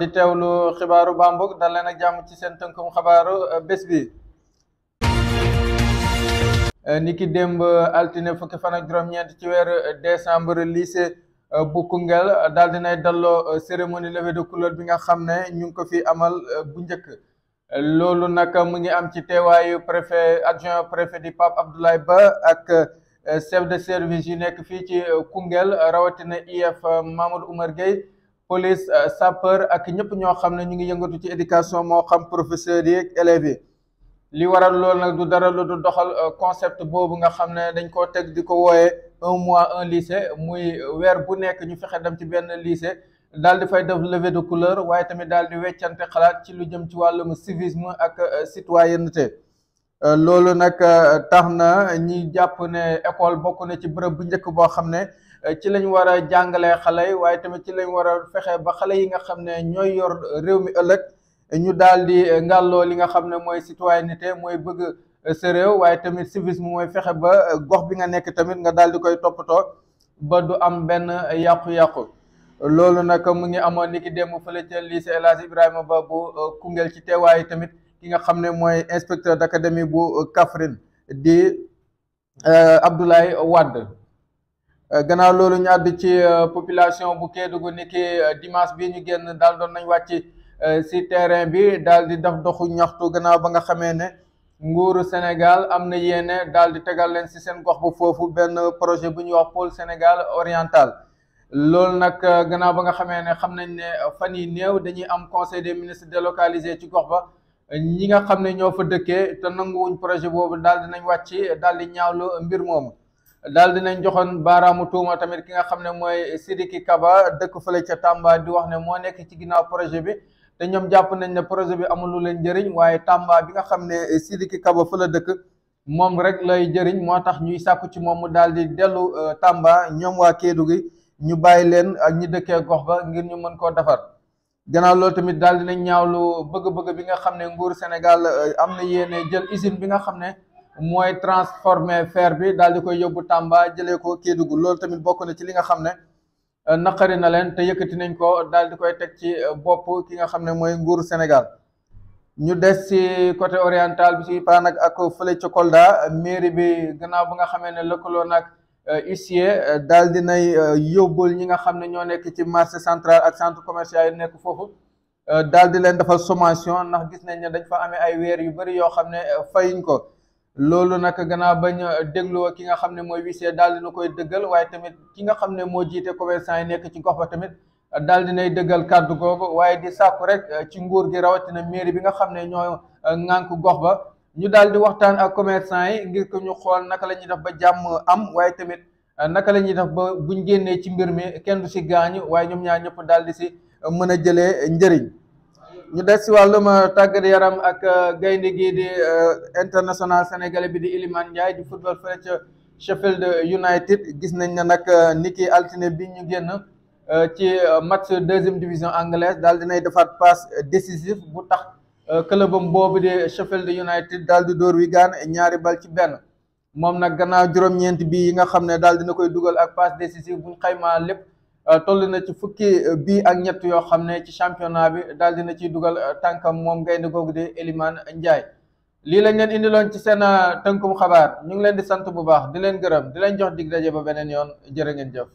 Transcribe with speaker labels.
Speaker 1: di teewlu xibaaru Bambouk dal ak jàmm ci seen tënkum xabaaru euh, bés bi euh, niki démb altine fukki fan juróom-ñeent ci weer décembre lycée euh, bu Koungheul daal dinay dalloo cérémonie levée de couleur bi nga xam ne ñu ngi ko fi amal bu njëkk loolu nag mu ngi am ci teewaayu préfet adjoint préfet di Pape Abdoulaye Ba ak chef de service yu nekk fii ci Koungheul rawatina IF Mamadou Oumar Gueye police euh, sapeur ak ñëpp ñoo xam ne ñu ngi yëngatu ci éducation moo xam professeurs yi ak élèves yi li waral loolu nag du dara lu du doxal euh, concept boobu nga xam ne dañ koo teg di ko wooyee un mois un lycée muy weer bu nekk ñu fexe dem ci benn lycée daal di fay def levée de couleur waaye tamit daal di weccante xalaat ci lu jëm ci wàllum civisme ak euh, citoyenneté loolu nag tax na ñi jàpp ne école bokk na ci bërëb bu njëkk boo xam ne ci lañu war a jàngalee xale yi waaye tamit ci lañ war a fexe ba xale yi nga xam ne ñooy yor réew mi ëllëg ñu daal di ngàlloo li nga xam ne mooy citoyenneté mooy bëgg sa réew waaye tamit civisme mooy fexe ba gox bi nga nekk tamit nga daal di koy toppatoo ba du am benn yàqu-yàqu loolu nag mu ngi amoon niki démb fële ca lycée El Hadj Ibrahima Ba bu uh, Koungheul ci teewaayu tamit ki nga xam ne mooy inspecteur d'académie bu Kaffrine di uh, Abdoulaye Wade Euh, gannaaw loolu ñu àdd ci euh, population bu Kédougou niki euh, dimanche bi ñu génn daal doon nañ wàcc si terrain bi daal di def doxu ñaxtu gannaaw ba nga xamee ne nguuru Sénégal am na yéene daal di tegal leen si seen gox bu foofu benn projet bu ñuy wax pôle Sénégal oriental loolu nag gannaaw ba nga xamee ne xam nañ ne fan yi néew dañuy am conseil des ministres délocalisé ci gox ba ñi nga xam ne ñoo fa dëkkee te nanguwuñ projet boobu daal di nañ wàcc daal di ñaawlu mbir moomu daal dinañ joxoon baaraamu tuuma tamit ki nga xam ne mooy Sidiki Kaba dëkk fële ca Tamba di wax ne moo nekk ci ginnaaw projet bi te ñoom jàpp nañ ne projet bi amul lu leen jëriñ waaye Tamba bi nga xam ne Sidiki Kaba fa la dëkk moom rek lay jëriñ moo tax ñuy sàkku ci moom mu daal di dellu euh, Tamba ñoom waa Kédougou gi ñu bàyyi leen ak ñi dëkkee gox ba ngir ñu mën koo defar gannaaw loolu tamit daal nañ ñaawlu bëgg-bëgg bi nga xam ne nguur Sénégal euh, am na yéene jël usine bi nga xam ne. mooy transformer fer bi daal di koy yóbbu Tamba jëlee ko Kédougou loolu tamit bokk na ci li nga xam ne euh, naqari na leen te yëkkati nañ ko daal di koy teg ci euh, bopp ki nga xam ne mooy nguuru Sénégal ñu des ci côté oriental bi ci paan ak fële ca Kolda mairie bi gannaaw ba nga xamee ne lëkkaloo nag euh, huissier daal di nay yóbbul ñi nga xam ne ñoo nekk ci marché central ak centre commercial yu nekk foofu daal di leen dafa sommation ndax gis nañ ne dañ fa amee ay weer yu bëri yoo xam ne fayuñ ko. loolu nag gannaaw bañ déglu ki nga xam ne mooy huissier daal dina koy dëggal waaye tamit ki nga xam ne moo jiite commerçant yi nekk ci gox ba tamit daal dinay dëggal kàddu googu waaye di sàkku rek eh, ci nguur gi rawatina mairie bi nga xam ne ñoo eh, ŋànk gox ba ñu daal di waxtaan ak commerçant yi ngir ko ñu xool naka la ñuy def ba jàmm am waaye tamit eh, naka la ñuy def ba buñ génnee ci mbir mi kenn du si gaañu waaye ñoom ñaa ñëpp daal di si mën a jëlee njëriñ ñu des si wàllum euh, tàggat yaram ak euh, gaynde gi di euh, international sénégalais bi di Iliman Ndiaye di football fële ca Sheffield United gis nañ ne nag niki altine bi ñu génn ci match deuxième division anglaise daal nay defaat passe décisif bu tax clubam boobu di Sheffield United daal di dóor Wigan ñaari bal ci benn moom nag gannaaw juróom-ñeent bi yi nga xam ne daal dina koy dugal ak passe décisif bu xaymaa lépp. Euh, toll na ci fukki euh, bii ak ñett yoo xam ne ci championnat bi daal dina ciy dugal euh, tànkam moom gaynde googu di Eliman Ndiaye lii lañ leen indiloon ci seen tënkum xabaar ñu ngi leen di sant bu baax di leen gërëm di leen jox dig daje ba beneen yoon jërë ngeen jëf